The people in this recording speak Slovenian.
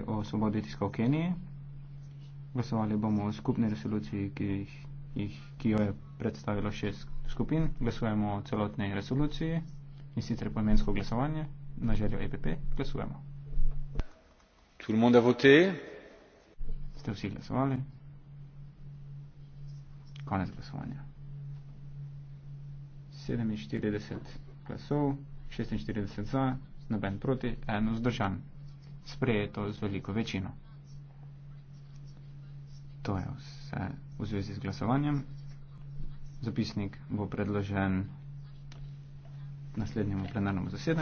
o svobodi tiska v Keniji. Glasovali bomo o skupni resoluciji, ki, jih, jih, ki jo je predstavilo šest skupin. Glasujemo o celotni resoluciji in sicer poimensko glasovanje na željo EPP. Glasujemo. Tout le monde a voté. Ste vsi glasovali? Konec glasovanja. 47 glasov, 46 za, noben proti, eno vzdržan sprejeto z veliko večino. To je vse v zvezi z glasovanjem. Zapisnik bo predložen naslednjemu plenarnemu zasedanju.